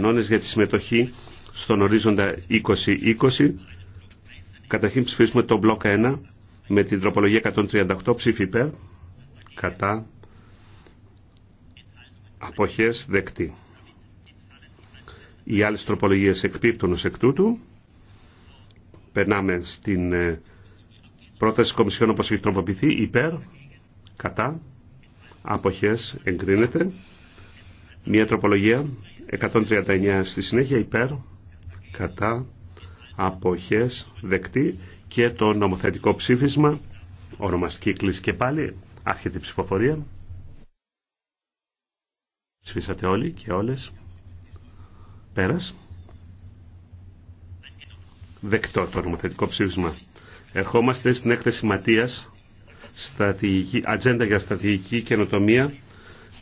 κανόνες για τη συμμετοχή στον ορίζοντα 2020. Καταρχήν ψηφίσουμε το μπλοκ 1 με την τροπολογία 138 ψήφι υπέρ, κατά, αποχές δεκτή. Οι άλλες τροπολογίες εκπίπτουν ως εκ τούτου. Περνάμε στην ε, πρόταση Κομισιόν όπως έχει τροποποιηθεί υπέρ, κατά, αποχές εγκρίνεται. Μία τροπολογία 139 στη συνέχεια υπέρ, κατά, αποχές, δεκτή και το νομοθετικό ψήφισμα, ονομαστική κλίση και πάλι, άρχεται η ψηφοφορία. Ψηφίσατε όλοι και όλες. Πέρας. Δεκτό το νομοθετικό ψήφισμα. Ερχόμαστε στην έκθεση Ματίας, ατζέντα για στρατηγική καινοτομία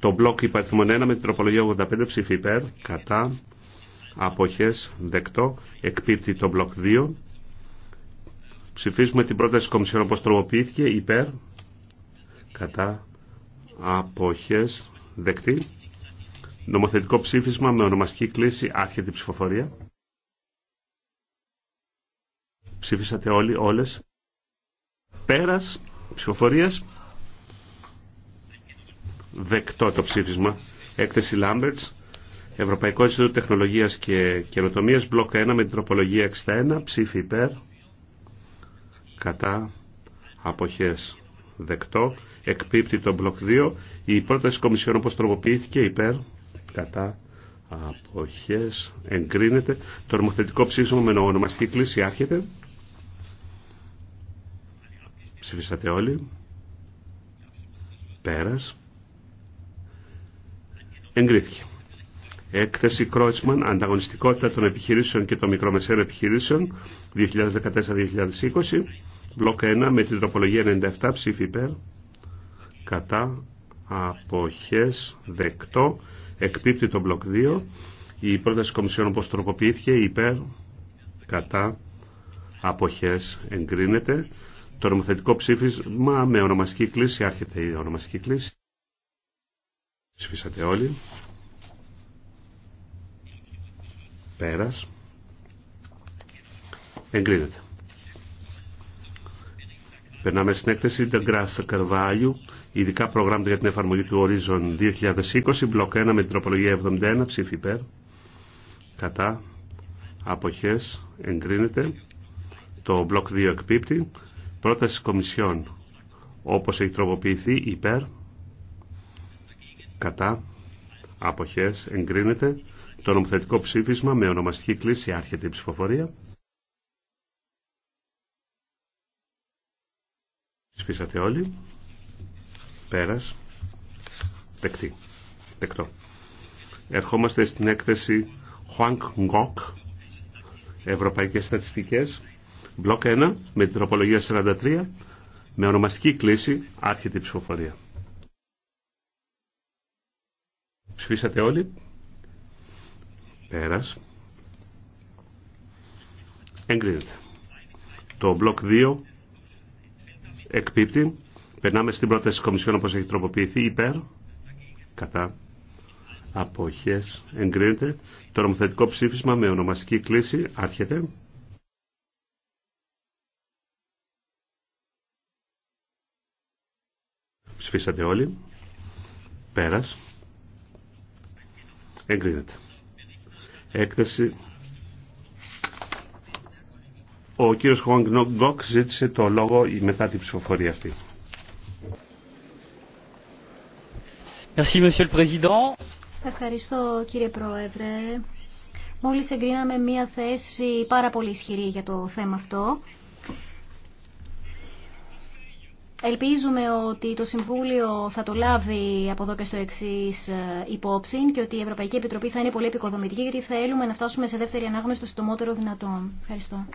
το μπλοκ υπαριθμών 1 με την τροπολογία 85 ψήφι υπέρ, κατά, αποχές, δεκτό, εκπίπτει το μπλοκ 2. Ψηφίζουμε την πρόταση της Κομισιόν όπως τροποποιήθηκε, υπέρ, κατά, αποχές, δεκτή. Νομοθετικό ψήφισμα με ονομαστική κλίση, άρχεται η ψηφοφορία. Ψήφισατε όλοι, όλες. Πέρας ψηφοφορίας δεκτό το ψήφισμα. Έκθεση Λάμπερτς, Ευρωπαϊκό Ινστιτούτο Τεχνολογίας και Καινοτομίας, μπλοκ 1 με την τροπολογία 61, ψήφι υπέρ, κατά, αποχές δεκτό, εκπίπτει το μπλοκ 2, η πρόταση κομισιόν όπω τροποποιήθηκε υπέρ, κατά, αποχές, εγκρίνεται, το ορμοθετικό ψήφισμα με ονομαστική κλίση άρχεται, ψηφίσατε όλοι, πέρας, εγκρίθηκε. Έκθεση Κρότσμαν, ανταγωνιστικότητα των επιχειρήσεων και των μικρομεσαίων επιχειρήσεων 2014-2020. Μπλοκ 1 με την τροπολογία 97 ψήφι υπέρ. Κατά αποχές δεκτό. Εκπίπτει το μπλοκ 2. Η πρόταση κομισιών όπως τροποποιήθηκε υπέρ. Κατά αποχές εγκρίνεται. Το νομοθετικό ψήφισμα με ονομαστική κλίση άρχεται η ονομαστική κλίση. Σφίσατε όλοι. Πέρας. Εγκρίνεται. Περνάμε στην έκθεση The Grass Carvalho ειδικά προγράμματα για την εφαρμογή του Horizon 2020, μπλοκ 1 με την τροπολογία 71, ψήφι υπέρ, κατά, αποχές, εγκρίνεται, το μπλοκ 2 εκπίπτει, πρόταση κομισιών, όπως έχει τροποποιηθεί, υπέρ, κατά, αποχές, εγκρίνεται. Το νομοθετικό ψήφισμα με ονομαστική κλίση άρχεται η ψηφοφορία. Ψηφίσατε όλοι. Πέρας. Δεκτή. Δεκτό. Ερχόμαστε στην έκθεση Huang Γκόκ, Ευρωπαϊκές Στατιστικές, μπλοκ 1, με την τροπολογία 43, με ονομαστική κλίση άρχεται η ψηφοφορία. Ψηφίσατε όλοι. Πέρας. Εγκρίνεται. Το μπλοκ 2 εκπίπτει. Περνάμε στην πρόταση της Κομισιόν όπως έχει τροποποιηθεί υπέρ. Κατά. Αποχές. Εγκρίνεται. Το νομοθετικό ψήφισμα με ονομαστική κλίση άρχεται. Ψηφίσατε όλοι. Πέρας. Εγκρίνεται. Έκθεση. Ο κύριος Χουαγκ ζήτησε το λόγο μετά την ψηφοφορία αυτή. Ευχαριστώ κύριε Πρόεδρε. Μόλις εγκρίναμε μία θέση πάρα πολύ ισχυρή για το θέμα αυτό Ελπίζουμε ότι το Συμβούλιο θα το λάβει από εδώ και στο εξή ε, υπόψη και ότι η Ευρωπαϊκή Επιτροπή θα είναι πολύ επικοδομητική γιατί θέλουμε να φτάσουμε σε δεύτερη ανάγνωση το συντομότερο δυνατόν. Ευχαριστώ.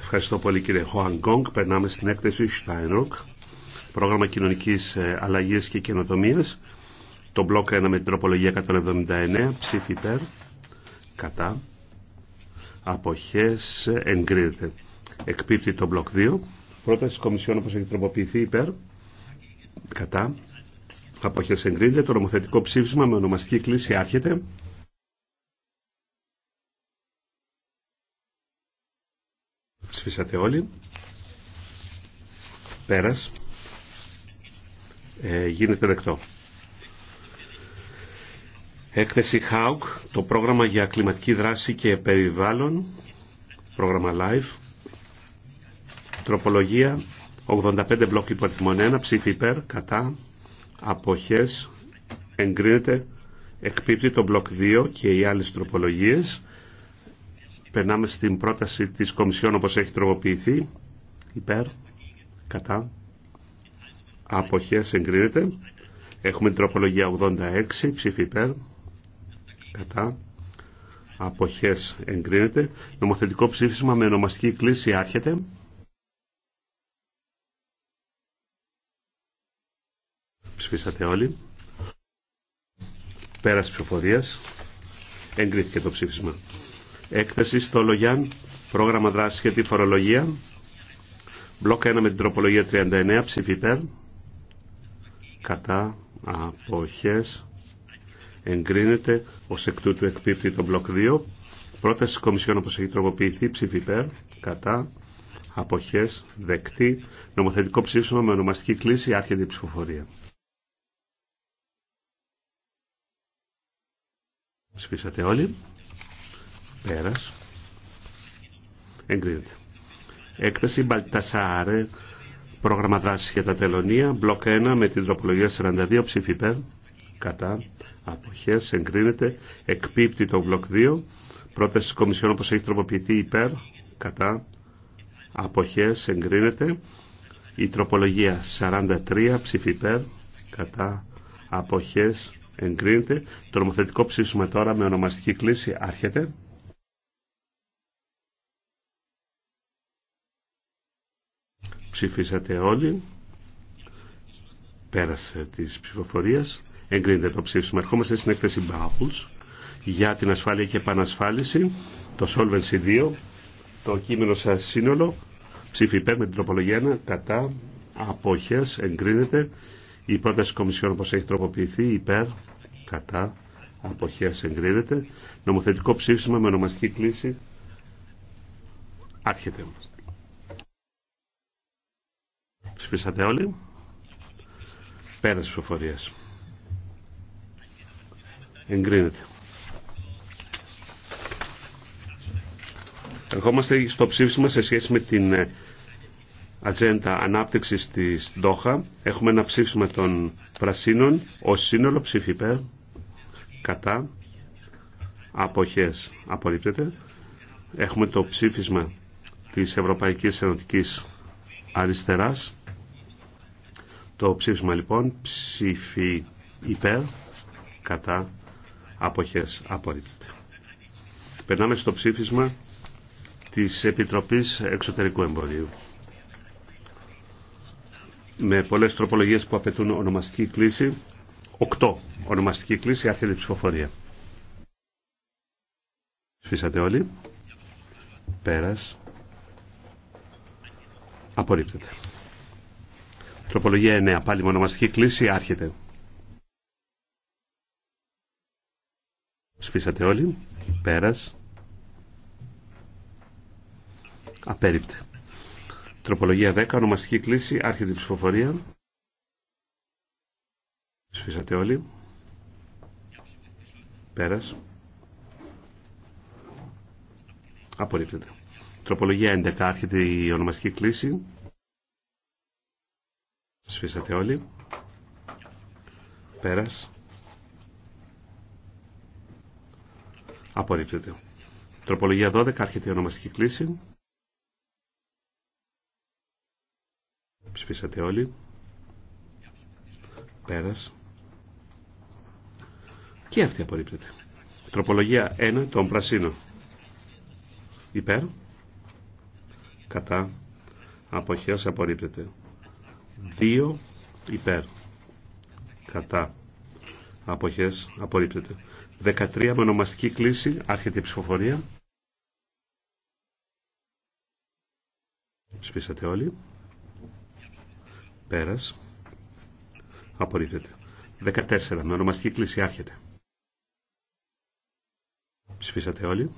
Ευχαριστώ πολύ κύριε Χωάν Γκόγκ. Περνάμε στην έκθεση Steinrock, πρόγραμμα κοινωνικής ε, αλλαγής και καινοτομίας. Το μπλοκ 1 με την τροπολογία 179, ψήφι υπέρ, κατά, αποχές εγκρίνεται. Εκπίπτει το μπλοκ 2. Πρόταση της Κομισιόν όπως έχει τροποποιηθεί υπέρ. Κατά. Αποχές εγκρίνεται. Το νομοθετικό ψήφισμα με ονομαστική κλίση άρχεται. Ψηφίσατε όλοι. Πέρας. Ε, γίνεται δεκτό. Έκθεση ΧΑΟΚ, το πρόγραμμα για κλιματική δράση και περιβάλλον, πρόγραμμα live, τροπολογία 85 μπλοκ 1, ψήφι υπέρ, κατά, αποχές, εγκρίνεται, εκπίπτει το μπλοκ 2 και οι άλλες τροπολογίες. Περνάμε στην πρόταση της Κομισιόν όπως έχει τροποποιηθεί, υπέρ, κατά, αποχές εγκρίνεται. Έχουμε τροπολογία 86, ψήφι υπέρ, κατά αποχές εγκρίνεται. Νομοθετικό ψήφισμα με ονομαστική κλίση άρχεται. Ψηφίσατε όλοι. Πέρας ψηφοφορίας. Εγκρίθηκε το ψήφισμα. Έκθεση στο Λογιάν. Πρόγραμμα δράσης για τη φορολογία. Μπλοκ 1 με την τροπολογία 39. ψηφίπερ Κατά αποχές εγκρίνεται ω εκ τούτου εκπίπτει το μπλοκ 2. Πρόταση τη Κομισιόν όπω έχει τροποποιηθεί, ψήφι υπέρ, κατά, αποχές, δεκτή, νομοθετικό ψήφισμα με ονομαστική κλίση, άρχεται η ψηφοφορία. Ψηφίσατε όλοι. Πέρας. Εγκρίνεται. Έκταση Μπαλτασάρε, πρόγραμμα δράσης για τα τελωνία, μπλοκ 1 με την τροπολογία 42, ψήφι κατά αποχές εγκρίνεται εκπίπτει το μπλοκ 2 πρόταση της Κομισιόν όπως έχει τροποποιηθεί υπέρ κατά αποχές εγκρίνεται η τροπολογία 43 ψήφι υπέρ κατά αποχές εγκρίνεται το νομοθετικό ψήφισμα τώρα με ονομαστική κλίση άρχεται ψηφίσατε όλοι πέρασε της ψηφοφορίας Εγκρίνεται το ψήφισμα. Ερχόμαστε στην έκθεση Bowles για την ασφάλεια και επανασφάλιση, το Solvency 2, το κείμενο σα σύνολο, ψήφι υπέρ με την τροπολογία 1, κατά, απόχες, εγκρίνεται, η πρόταση Κομισιόν όπω έχει τροποποιηθεί, υπέρ, κατά, αποχές, εγκρίνεται, νομοθετικό ψήφισμα με ονομαστική κλίση, άρχεται. Ψηφίσατε όλοι. Πέρας ψηφοφορίας εγκρίνεται. Ερχόμαστε στο ψήφισμα σε σχέση με την ε, ατζέντα ανάπτυξης της Ντόχα. Έχουμε ένα ψήφισμα των πρασίνων Ο σύνολο ψήφι υπέρ, κατά, αποχές απορρίπτεται. Έχουμε το ψήφισμα της Ευρωπαϊκής Ενωτικής Αριστεράς. Το ψήφισμα λοιπόν ψήφι υπέρ, κατά, αποχές απορρίπτεται. Περνάμε στο ψήφισμα της Επιτροπής Εξωτερικού Εμπορίου. Με πολλές τροπολογίες που απαιτούν ονομαστική κλίση, 8 ονομαστική κλίση, άρχεται ψηφοφορία. Φύσατε όλοι. Πέρας. Απορρίπτεται. Τροπολογία 9. Πάλι με ονομαστική κλίση άρχεται. Σφίσατε όλοι. Πέρας. Απέριπτε. Τροπολογία 10. Ονομαστική κλίση. Άρχεται η ψηφοφορία. Σφίσατε όλοι. Πέρας. Απορρίπτεται. Τροπολογία 11. Άρχεται η ονομαστική κλίση. Σφίσατε όλοι. Πέρας. Απορρίπτεται. Τροπολογία 12. Άρχεται η ονομαστική κλίση. Ψηφίσατε όλοι. Πέρας. Και αυτή απορρίπτεται. Τροπολογία 1 Τον Πρασίνο. Υπέρ. Κατά. Αποχέως απορρίπτεται. 2 υπέρ. Κατά. Αποχές απορρίπτεται. 13 με ονομαστική κλίση. Άρχεται η ψηφοφορία. Ψηφίσατε όλοι. Πέρας. Απορρίπτεται. 14 με ονομαστική κλίση. Άρχεται. Ψηφίσατε όλοι.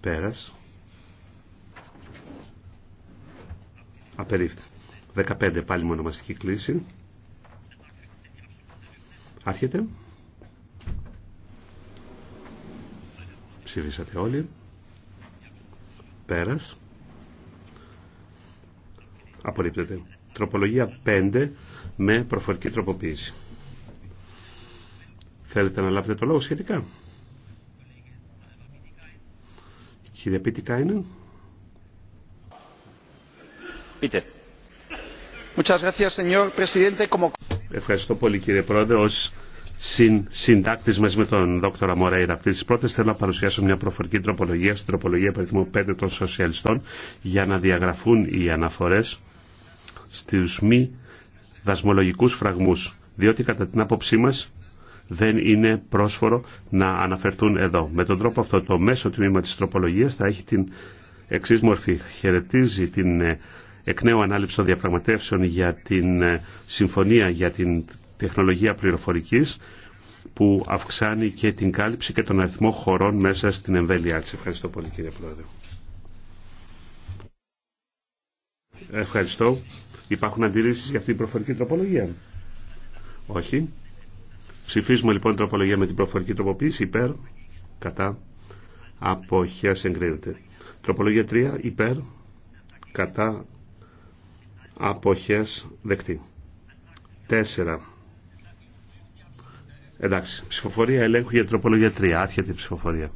Πέρας. Απερίφθη. 15 πάλι με ονομαστική κλίση. Άρχεται. Ψηφίσατε όλοι. Πέρας. Απορρίπτεται. Τροπολογία 5 με προφορική τροποποίηση. Θέλετε να λάβετε το λόγο σχετικά. Κύριε Πίτη Κάινεν. Πείτε. Ευχαριστώ πολύ κύριε Πρόεδρε. Ως συν, συντάκτη μα με τον Δόκτωρα Μορέιρα αυτή τη πρώτη. Θέλω να παρουσιάσω μια προφορική τροπολογία στην τροπολογία περιθμού 5 των Σοσιαλιστών για να διαγραφούν οι αναφορέ στου μη δασμολογικού φραγμού. Διότι κατά την άποψή μα δεν είναι πρόσφορο να αναφερθούν εδώ. Με τον τρόπο αυτό το μέσο τμήμα της τροπολογίας θα έχει την εξής μορφή. Χαιρετίζει την ε, εκ νέου ανάληψη των διαπραγματεύσεων για την ε, συμφωνία για την τεχνολογία πληροφορικής που αυξάνει και την κάλυψη και τον αριθμό χωρών μέσα στην εμβέλειά της. Ευχαριστώ πολύ κύριε Πρόεδρε. Ευχαριστώ. Υπάρχουν αντιρρήσεις για αυτή την προφορική τροπολογία. Όχι. Ψηφίζουμε λοιπόν την τροπολογία με την προφορική τροποποίηση υπέρ, κατά, αποχές εγκρίνεται. Τροπολογία 3 υπέρ, κατά, αποχές δεκτή. 4 Εντάξει, ψηφοφορία ελέγχου για τροπολογία 3. Άρχεται η ψηφοφορία.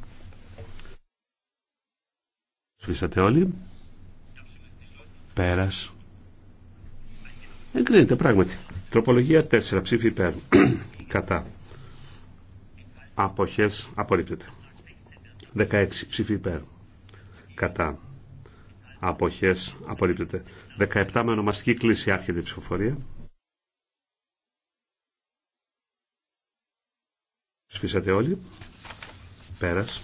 Σβήσατε όλοι. Πέρας. Εγκρίνεται πράγματι. Τροπολογία 4. Ψήφι υπέρ. Κατά. Αποχές. Απορρίπτεται. 16. Ψήφι υπέρ. Κατά. Αποχές. Απορρίπτεται. 17. Με ονομαστική κλίση άρχεται η ψηφοφορία. Σφίσατε όλοι. Πέρας.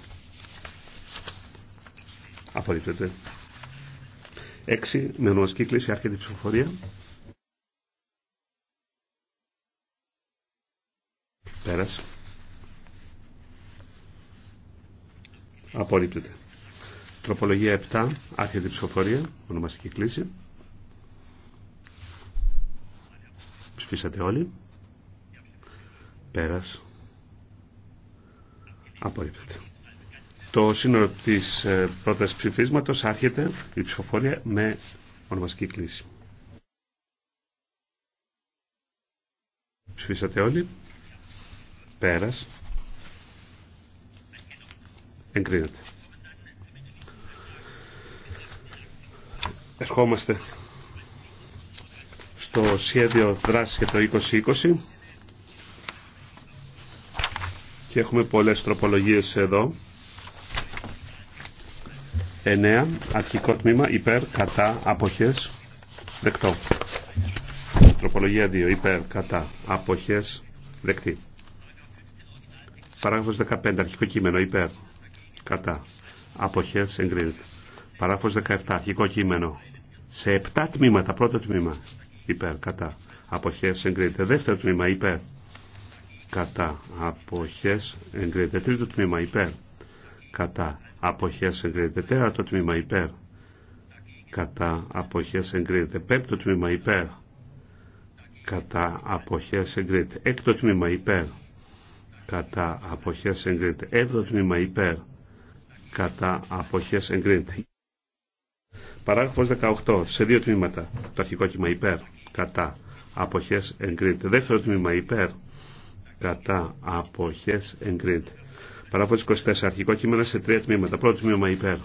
Απορρίπτεται. 6. Με ονομαστική κλίση άρχεται η ψηφοφορία. Πέρας. Απορρίπτεται. Τροπολογία 7. Άρχεται η ψηφοφορία. Ονομαστική κλίση. Ψηφίσατε όλοι. Πέρας. Απορρίπτεται. Το σύνολο της ε, πρώτα ψηφίσματος άρχεται η ψηφοφορία με ονομαστική κλίση. Ψηφίσατε όλοι. Πέρας. Εγκρίνεται. Ερχόμαστε στο σχέδιο δράση για το 2020 έχουμε πολλές τροπολογίες εδώ. 9. Αρχικό τμήμα υπέρ, κατά, αποχές, δεκτό. Τροπολογία 2. Υπέρ, κατά, αποχές, δεκτή. Παράγραφος 15. Αρχικό κείμενο υπέρ, κατά, αποχές, εγκρίνεται. Παράγραφος 17. Αρχικό κείμενο. Σε 7 τμήματα. Πρώτο τμήμα υπέρ, κατά, αποχές, εγκρίνεται. Δεύτερο τμήμα υπέρ, κατά αποχές εγκρίνεται. Τρίτο τμήμα υπέρ κατά αποχές εγκρίνεται. Τέταρτο τμήμα υπέρ κατά αποχές εγκρίνεται. Πέμπτο τμήμα υπέρ κατά αποχές εγκρίνεται. Έκτο τμήμα υπέρ κατά αποχές εγκρίνεται. Έβδο τμήμα υπέρ κατά αποχές εγκρίνεται. Παράγραφος 18. Σε δύο τμήματα. Το αρχικό τμήμα υπέρ κατά αποχές εγκρίνεται. Δεύτερο τμήμα υπέρ κατά αποχές εγκρίνεται. Παράγραφος 24. Αρχικό κείμενο σε τρία τμήματα. Πρώτο τμήμα υπέρ.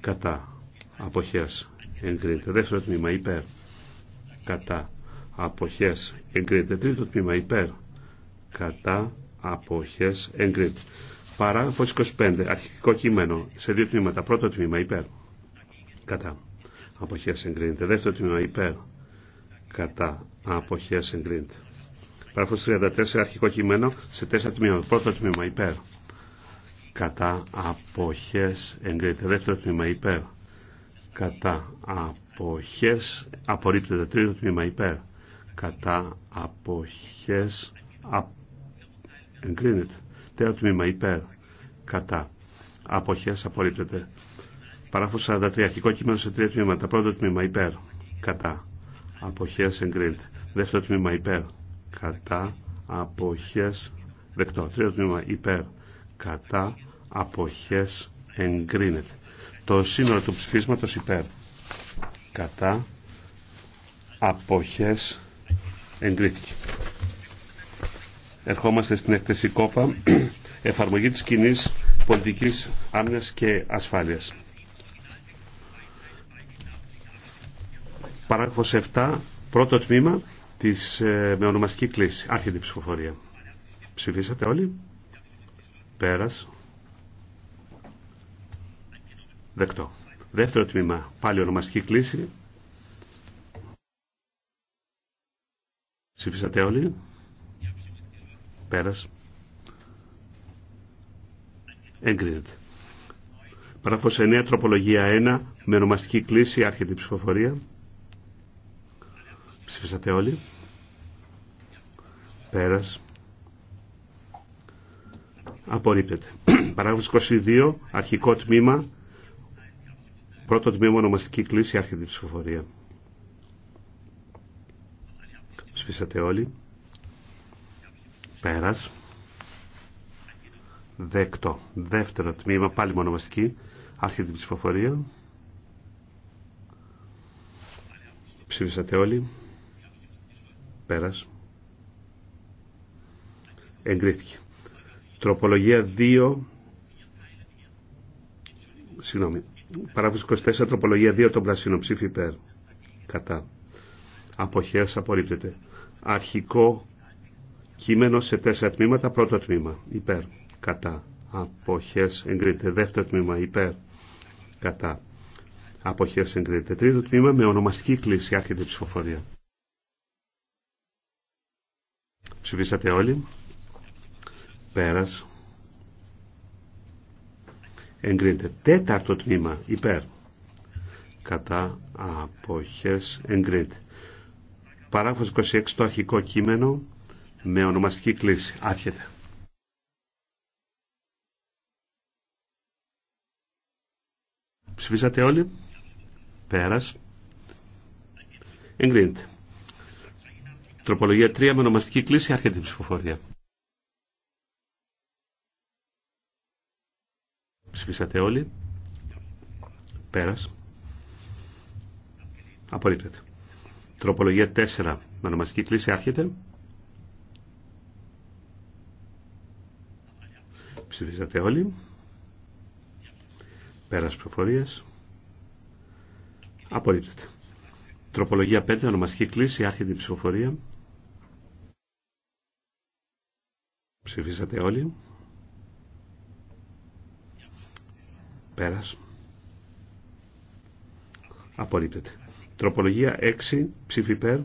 Κατά. Αποχές. Εγκρίνεται. Δεύτερο τμήμα υπέρ. Κατά. Αποχές. Εγκρίνεται. Τρίτο τμήμα υπέρ. Κατά. Αποχές. Εγκρίνεται. Παράγραφος 25. Αρχικό κείμενο σε δύο τμήματα. Πρώτο τμήμα υπέρ. Κατά. Αποχές εγκρίνεται. Δεύτερο τμήμα υπέρ. Κατά. Αποχές εγκρίνεται. Παράγραφος 34 αρχικό κείμενο σε τέσσερα τμήματα. Πρώτο τμήμα υπέρ. Κατά αποχές εγκρίνεται. Δεύτερο τμήμα υπέρ. Κατά αποχές απορρίπτεται. Τρίτο τμήμα υπέρ. Κατά αποχές α... εγκρίνεται. Τέταρτο τμήμα υπέρ. Κατά αποχές απορρίπτεται. Παράφος 43 αρχικό κείμενο σε τρία τμήματα. Πρώτο τμήμα υπέρ. Κατά Αποχέ εγκρίνεται. Δεύτερο τμήμα υπέρ κατά αποχές δεκτό. Τρίτο τμήμα υπέρ κατά αποχές εγκρίνεται. Το σύνολο του ψηφίσματος υπέρ κατά αποχές εγκρίθηκε. Ερχόμαστε στην έκθεση κόπα εφαρμογή της κοινή πολιτικής άμυνας και ασφάλειας. Παράγραφος 7, πρώτο τμήμα, της, ε, με ονομαστική κλίση. Άρχεται η ψηφοφορία. Ψηφίσατε όλοι. Πέρας. Δεκτό. Δεύτερο τμήμα. Πάλι ονομαστική κλίση. Ψηφίσατε όλοι. Πέρας. Εγκρίνεται. Παράγραφος 9, τροπολογία 1, με ονομαστική κλίση, άρχεται η ψηφοφορία. Ψηφίσατε όλοι. Πέρας. Απορρίπτεται. Παράγραφος 22, αρχικό τμήμα. Πρώτο τμήμα ονομαστική κλίση, άρχεται ψηφοφορία. Ψηφίσατε όλοι. Πέρας. Δεκτό. Δεύτερο τμήμα, πάλι μονομαστική, άρχεται ψηφοφορία. Ψήφισατε όλοι. Πέρας. Εγκρίθηκε. Τροπολογία 2. Συγγνώμη. Παράγραφος 24. Τροπολογία 2 των πρασίνων. Ψήφι υπέρ. Κατά. Αποχές απορρίπτεται. Αρχικό κείμενο σε τέσσερα τμήματα. Πρώτο τμήμα. Υπέρ. Κατά. Αποχές εγκρίνεται. Δεύτερο τμήμα. Υπέρ. Κατά. Αποχές εγκρίνεται. Τρίτο τμήμα με ονομαστική κλίση. Άρχεται η ψηφοφορία. Ψηφίσατε όλοι. Πέρας. Εγκρίνεται. Τέταρτο τμήμα. Υπέρ. Κατά αποχές. Εγκρίνεται. Παράφος 26 το αρχικό κείμενο με ονομαστική κλίση. Άρχεται. Ψηφίσατε όλοι. Πέρας. Εγκρίνεται. Τροπολογία 3 με ονομαστική κλίση άρχεται η ψηφοφορία. Ψηφίσατε όλοι. Πέρας. Απορρίπτεται. Τροπολογία 4 με ονομαστική κλίση άρχεται. Ψηφίσατε όλοι. Πέρας προφορίας. Απορρίπτεται. Τροπολογία 5, ονομαστική κλίση, άρχεται η ψηφοφορία. Ψηφίσατε όλοι. Πέρας. Απορρίπτεται. Τροπολογία 6. Ψήφι υπέρ.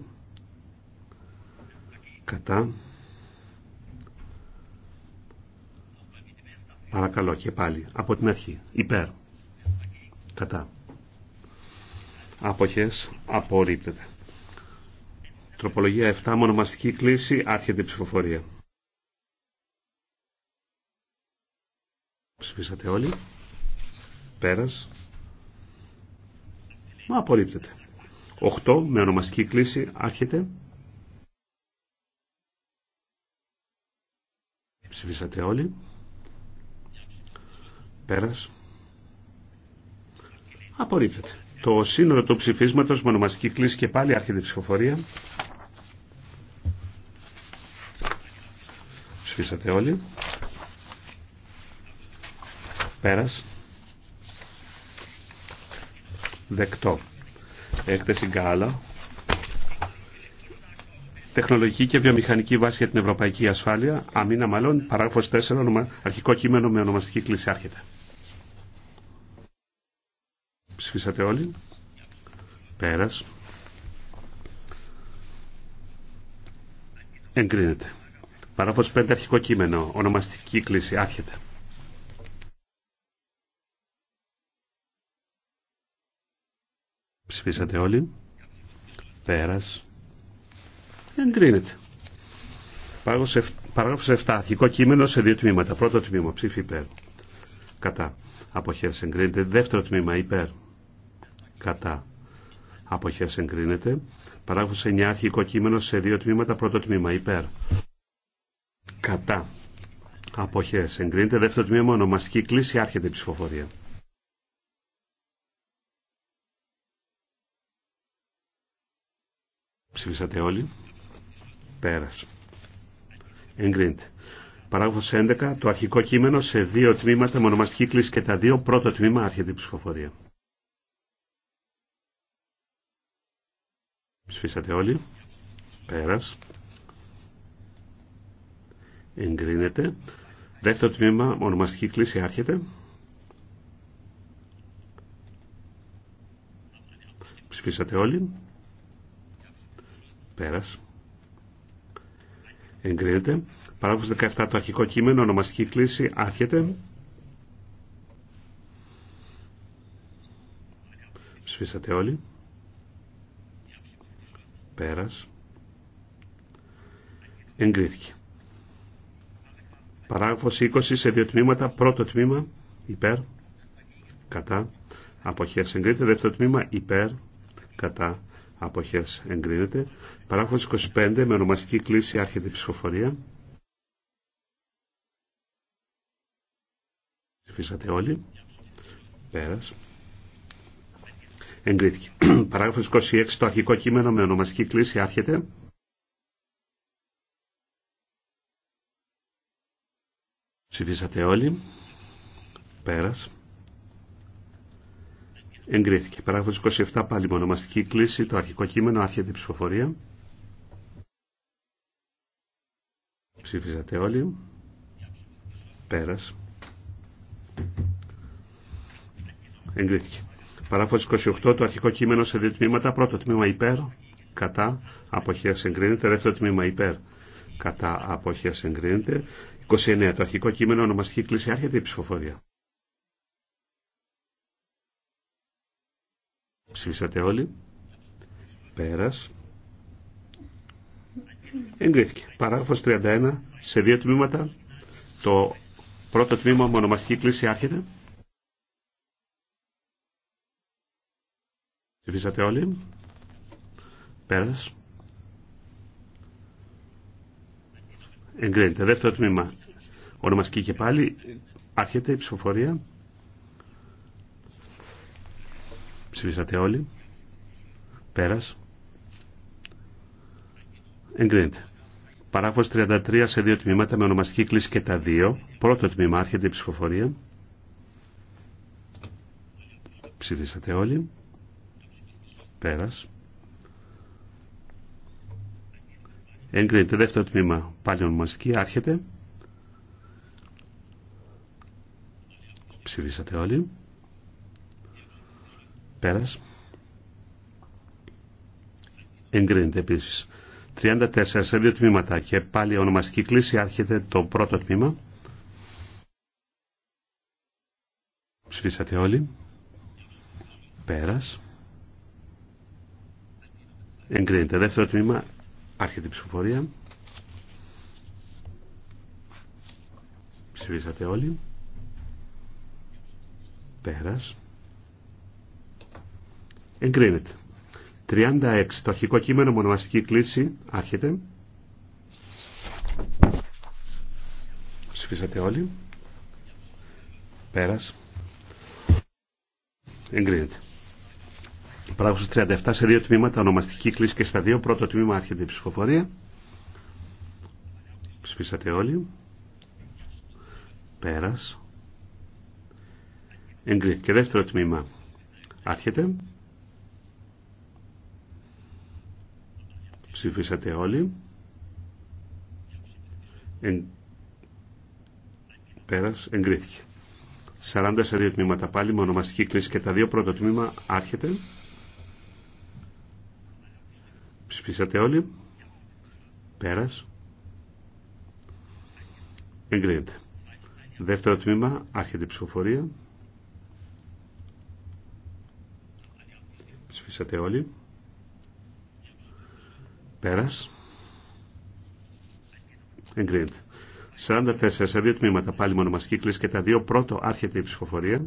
Κατά. Παρακαλώ και πάλι. Από την αρχή. Υπέρ. Κατά. Αποχές. Απορρίπτεται. Τροπολογία 7. Μονομαστική κλίση. Άρχεται η ψηφοφορία. Ψηφίσατε όλοι. πέρα. Μα απορρίπτεται. 8 με ονομαστική κλίση άρχεται. Ψηφίσατε όλοι. Πέρα. Απορρίπτεται. Το σύνολο του ψηφίσματος με ονομαστική κλίση και πάλι άρχεται η ψηφοφορία. Ψηφίσατε όλοι. Πέρας. Δεκτό. Έκθεση Γκάλα. Τεχνολογική και βιομηχανική βάση για την ευρωπαϊκή ασφάλεια. Αμήνα μάλλον. Παράγραφος 4. Αρχικό κείμενο με ονομαστική κλίση. Άρχεται. Ψηφίσατε όλοι. Πέρας. Εγκρίνεται. Παράγραφος 5. Αρχικό κείμενο. Ονομαστική κλίση. Άρχεται. Ψηφίσατε όλοι. Πέρας. Εγκρίνεται. Παράγραφος 7. Αρχικό κείμενο σε δύο τμήματα. Πρώτο τμήμα. Ψήφι υπέρ. Κατά. Αποχές εγκρίνεται. Δεύτερο τμήμα. Υπέρ. Κατά. Αποχές εγκρίνεται. Παράγραφος 9. Αρχικό κείμενο σε δύο τμήματα. Πρώτο τμήμα. Υπέρ. Κατά. Αποχές εγκρίνεται. Δεύτερο τμήμα. Ονομαστική κλίση. Άρχεται η ψηφοφορία. Ψηφίσατε όλοι. Πέρας. Εγκρίνεται. Παράγραφος 11. Το αρχικό κείμενο σε δύο τμήματα με ονομαστική κλίση και τα δύο. Πρώτο τμήμα άρχεται η ψηφοφορία. Ψηφίσατε όλοι. Πέρας. Εγκρίνεται. Δεύτερο τμήμα, ονομαστική κλίση άρχεται. Ψηφίσατε όλοι. Πέρας. Εγκρίνεται. Παράγραφος 17 το αρχικό κείμενο, ονομαστική κλίση, άρχεται. Ψηφίσατε όλοι. Πέρας. Εγκρίθηκε. Παράγραφος 20 σε δύο τμήματα. Πρώτο τμήμα υπέρ, κατά, αποχές εγκρίνεται. Δεύτερο τμήμα υπέρ, κατά, αποχές εγκρίνεται. Παράγραφος 25 με ονομαστική κλίση άρχεται η ψηφοφορία. Ψηφίσατε όλοι. Πέρας. Εγκρίθηκε. Παράγραφος 26 το αρχικό κείμενο με ονομαστική κλίση άρχεται. Ψηφίσατε όλοι. Πέρας εγκρίθηκε. Παράγραφος 27 πάλι μονομαστική κλίση, το αρχικό κείμενο, άρχεται η ψηφοφορία. Ψηφίζατε όλοι. Πέρας. Εγκρίθηκε. Παράγραφος 28 το αρχικό κείμενο σε δύο τμήματα. Πρώτο τμήμα υπέρ, κατά, αποχές εγκρίνεται. Δεύτερο τμήμα υπέρ, κατά, αποχές εγκρίνεται. 29 το αρχικό κείμενο ονομαστική κλίση, άρχεται η ψηφοφορία. Ψήφισατε όλοι. Πέρας. Εγκρίθηκε. Παράγραφος 31 σε δύο τμήματα. Το πρώτο τμήμα με ονομαστική κλίση άρχεται. Ψηφίσατε όλοι. Πέρας. Εγκρίνεται. Δεύτερο τμήμα. Ονομαστική και πάλι. Άρχεται η ψηφοφορία. Ψηφίσατε όλοι. Πέρας. Εγκρίνεται. Παράγραφος 33 σε δύο τμήματα με ονομαστική κλίση και τα δύο. Πρώτο τμήμα άρχεται η ψηφοφορία. Ψηφίσατε όλοι. Πέρας. Εγκρίνεται δεύτερο τμήμα πάλι ονομαστική άρχεται. Ψηφίσατε όλοι. Πέρας. Εγκρίνεται επίσης. 34 σε δύο τμήματα και πάλι ονομαστική κλίση άρχεται το πρώτο τμήμα. Ψηφίσατε όλοι. Πέρας. Εγκρίνεται. Δεύτερο τμήμα άρχεται η ψηφοφορία. Ψηφίσατε όλοι. Πέρας. Εγκρίνεται. 36. Το αρχικό κείμενο μονομαστική κλίση. Άρχεται. Ψηφίσατε όλοι. Πέρας. Εγκρίνεται. Πράγμα 37 σε δύο τμήματα, ονομαστική κλίση και στα δύο. Πρώτο τμήμα άρχεται η ψηφοφορία. Ψηφίσατε όλοι. Πέρας. Εγκρίνεται. Και δεύτερο τμήμα άρχεται. Ψηφίσατε όλοι. Πέρας, εγκρίθηκε. Σαράντα σε τμήματα πάλι, με ονομαστική κλίση και τα δύο πρώτα τμήμα άρχεται. Ψηφίσατε όλοι. Πέρας. Εγκρίνεται. Δεύτερο τμήμα, άρχεται η ψηφοφορία. Ψηφίσατε όλοι. Πέρας. Εγκρίνεται. 44 σε δύο τμήματα πάλι μονομασκή κλίση και τα δύο πρώτο άρχεται η ψηφοφορία.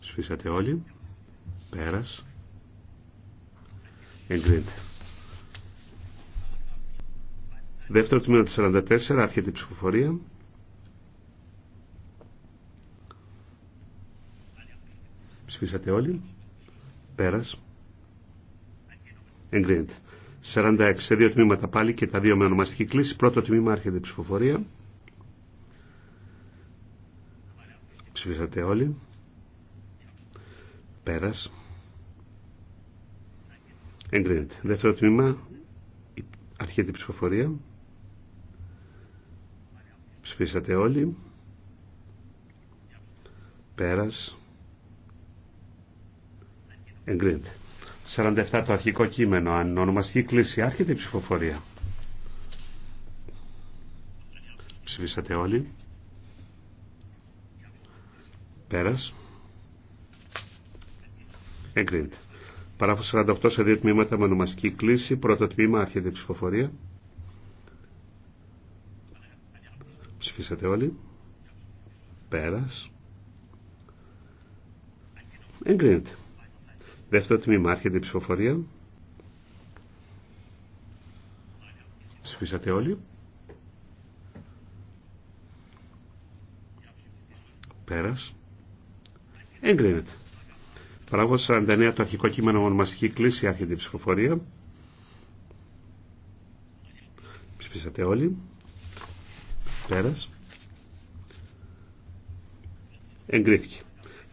Σφίσατε όλοι. Πέρας. Εγκρίνεται. Δεύτερο τμήμα του 44 άρχεται η ψηφοφορία. Ψηφίσατε όλοι. Πέρας. Εγκρίνεται. 46 σε δύο τμήματα πάλι και τα δύο με ονομαστική κλίση. Πρώτο τμήμα άρχεται η ψηφοφορία. Ψηφίσατε όλοι. Πέρας. Εγκρίνεται. Δεύτερο τμήμα αρχιέται η ψηφοφορία. Ψηφίσατε όλοι. Πέρας. Εγκρίνεται. 47 το αρχικό κείμενο. Αν ονομαστική κλίση άρχεται η ψηφοφορία. Ψηφίσατε όλοι. Πέρας. Εγκρίνεται. Παράφος 48 σε δύο τμήματα με ονομαστική κλίση. Πρώτο τμήμα άρχεται η ψηφοφορία. Ψηφίσατε όλοι. Πέρας. Εγκρίνεται. Δεύτερο τμήμα, άρχεται η ψηφοφορία. Ψηφίσατε όλοι. Πέρας. Εγκρίνεται. Παράγω 49 το αρχικό κείμενο ονομαστική κλίση άρχεται η ψηφοφορία. Ψηφίσατε όλοι. Πέρας. Εγκρίθηκε.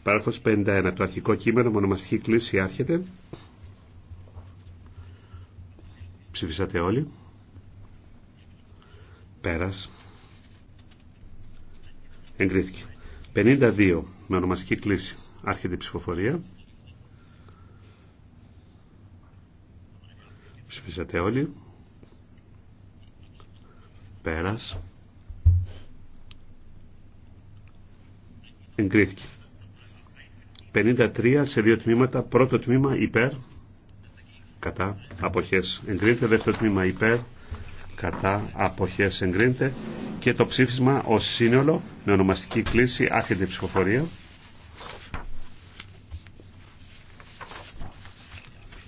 Παράγραφος 51. Το αρχικό κείμενο, μονομαστική κλίση, άρχεται. Ψηφίσατε όλοι. Πέρας. Εγκρίθηκε. 52. Με ονομαστική κλίση. Άρχεται η ψηφοφορία. Ψηφίσατε όλοι. Πέρας. Εγκρίθηκε. 53 σε δύο τμήματα. Πρώτο τμήμα υπέρ, κατά, αποχές εγκρίνεται. Δεύτερο τμήμα υπέρ, κατά, αποχές εγκρίνεται. Και το ψήφισμα ως σύνολο με ονομαστική κλίση άρχεται ψηφοφορία.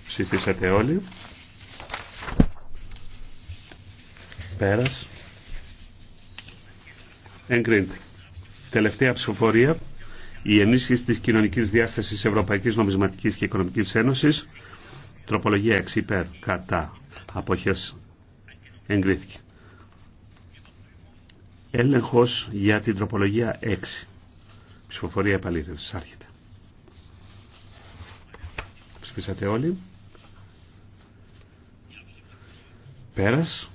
Ψηφίσατε όλοι. Πέρας. Εγκρίνεται. Τελευταία ψηφοφορία η ενίσχυση της κοινωνικής διάστασης Ευρωπαϊκής Νομισματικής και Οικονομικής Ένωσης, τροπολογία 6 υπέρ κατά αποχές εγκρίθηκε. Έλεγχος για την τροπολογία 6. Ψηφοφορία επαλήθευσης άρχεται. Ψηφίσατε όλοι. Πέρας.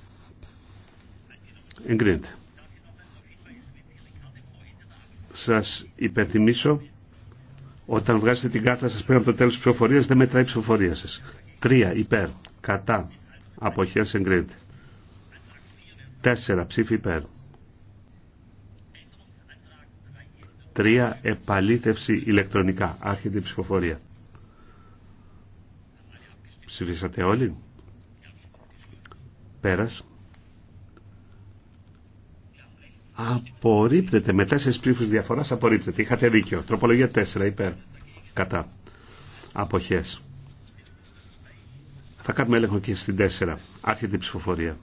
Εγκρίνεται σας υπενθυμίσω όταν βγάζετε την κάρτα σας πριν από το τέλος της ψηφοφορίας δεν μετράει η ψηφοφορία σας. Τρία υπέρ, κατά, αποχές εγκρίνεται. Τέσσερα ψήφι υπέρ. Τρία επαλήθευση ηλεκτρονικά. Άρχεται η ψηφοφορία. Ψηφίσατε όλοι. Πέρας. Απορρίπτεται. Με τέσσερι ψήφου διαφορά απορρίπτεται. Είχατε δίκιο. Τροπολογία 4 υπέρ. Κατά. Αποχέ. Θα κάνουμε έλεγχο και στην 4. Άρχεται η ψηφοφορία.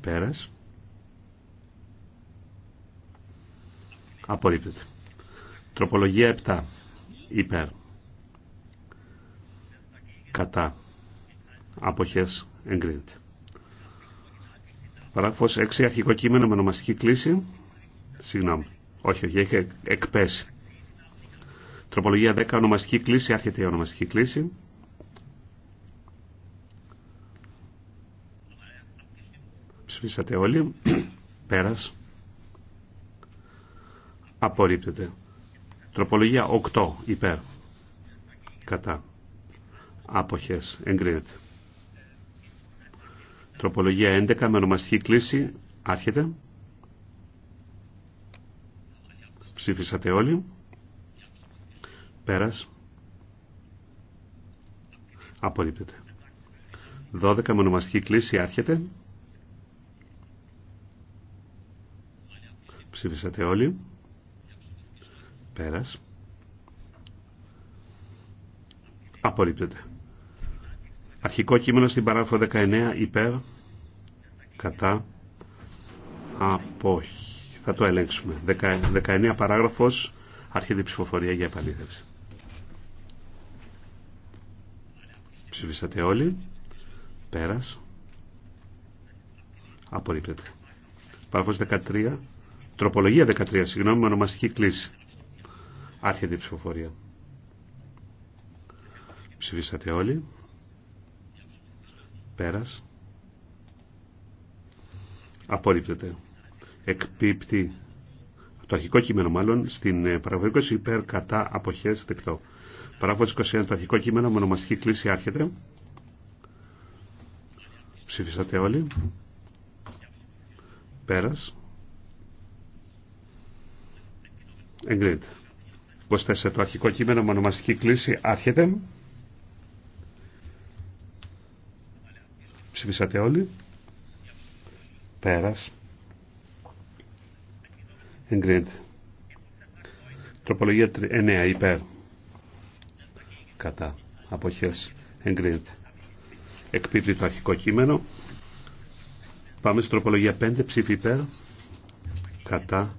Πέρα. Απορρίπτεται. Τροπολογία 7. Υπέρ. Κατά. Αποχές εγκρίνεται. Παράγραφο 6, αρχικό κείμενο με ονομαστική κλίση. Συγγνώμη. Όχι, όχι, έχει εκπέσει. Τροπολογία 10, ονομαστική κλίση, άρχεται η ονομαστική κλίση. Ψηφίσατε όλοι. Πέρας. Απορρίπτεται. Τροπολογία 8, υπέρ. Κατά. Άποχες. Εγκρίνεται. Τροπολογία 11 με ονομαστική κλίση. Άρχεται. Ψήφισατε όλοι. Πέρας. Απορρίπτεται. 12 με ονομαστική κλίση. Άρχεται. Ψήφισατε όλοι. Πέρας. Απορρίπτεται. Αρχικό κείμενο στην παράγραφο 19 υπέρ κατά απόχη. Θα το ελέγξουμε. 19 παράγραφος αρχίδη ψηφοφορία για επαλήθευση. Ψηφίσατε όλοι. Πέρας. Απορρίπτεται. Παράγραφος 13. Τροπολογία 13. Συγγνώμη ονομαστική κλίση. Άρχεται ψηφοφορία. Ψηφίσατε όλοι. Πέρας. Απορρίπτεται. Εκπίπτει το αρχικό κείμενο μάλλον στην ε, παραγωγή 20 υπέρ κατά αποχές δεκτό. παράγωγος 21 το αρχικό κείμενο με ονομαστική κλίση άρχεται. Ψηφίσατε όλοι. Πέρας. Εγκρίνεται. 24 το αρχικό κείμενο με ονομαστική κλίση άρχεται. Ψηφίσατε όλοι. Πέρας. Εγκρίνεται. Τροπολογία 9 ε, υπέρ. Κατά. Αποχές. Εγκρίνεται. Εκπίπτει το αρχικό κείμενο. Πάμε στην τροπολογία 5. Ψήφι υπέρ. Κατά.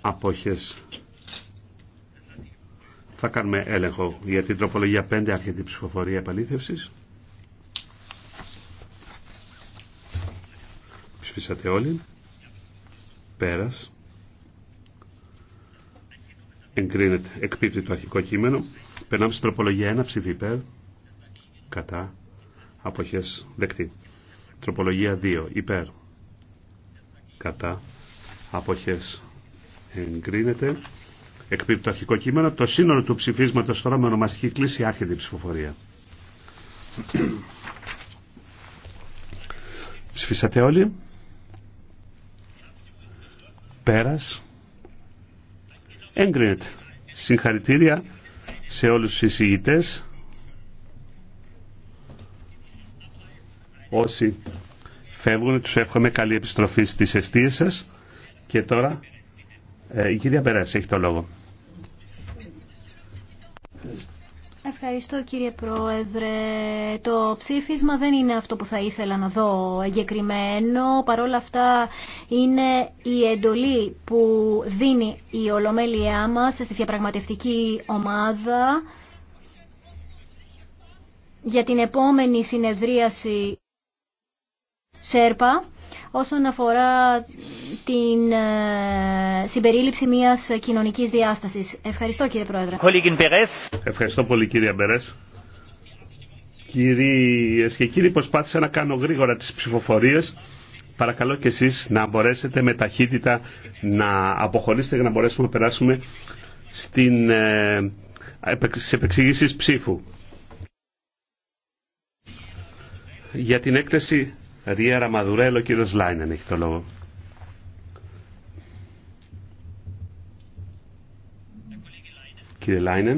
Αποχές. Θα κάνουμε έλεγχο για την τροπολογία 5 η ψηφοφορία επαλήθευσης. Ψηφίσατε όλοι. Πέρας. Εγκρίνεται. Εκπίπτει το αρχικό κείμενο. Περνάμε στην τροπολογία 1. Ψήφι υπέρ. Κατά. Αποχές. Δεκτή. Τροπολογία 2. Υπέρ. Κατά. Αποχές. Εγκρίνεται. Εκπίπτει το αρχικό κείμενο. Το σύνολο του ψηφίσματος τώρα με ονομαστική κλίση άρχεται η ψηφοφορία. Ψηφίσατε όλοι. Πέρας. Έγκρινεται. Συγχαρητήρια σε όλους τους εισηγητές. Όσοι φεύγουν, τους εύχομαι καλή επιστροφή στις αιστείες σας. Και τώρα ε, η κυρία Περάς έχει το λόγο. Ευχαριστώ κύριε Πρόεδρε. Το ψήφισμα δεν είναι αυτό που θα ήθελα να δω εγκεκριμένο. Παρόλα αυτά είναι η εντολή που δίνει η ολομέλειά μας στη διαπραγματευτική ομάδα για την επόμενη συνεδρίαση ΣΕΡΠΑ όσον αφορά την ε, συμπερίληψη μιας κοινωνικής διάστασης. Ευχαριστώ κύριε Πρόεδρε. Ευχαριστώ πολύ κύριε Μπερές. Κύριε και κύριοι, προσπάθησα να κάνω γρήγορα τις ψηφοφορίες. Παρακαλώ και εσείς να μπορέσετε με ταχύτητα να αποχωρήσετε για να μπορέσουμε να περάσουμε στην, ε, ψήφου. Για την έκθεση Ριέρα Μαδουρέλο κύριο κύριος Λάινεν έχει το λόγο. Κύριε Λάινεν.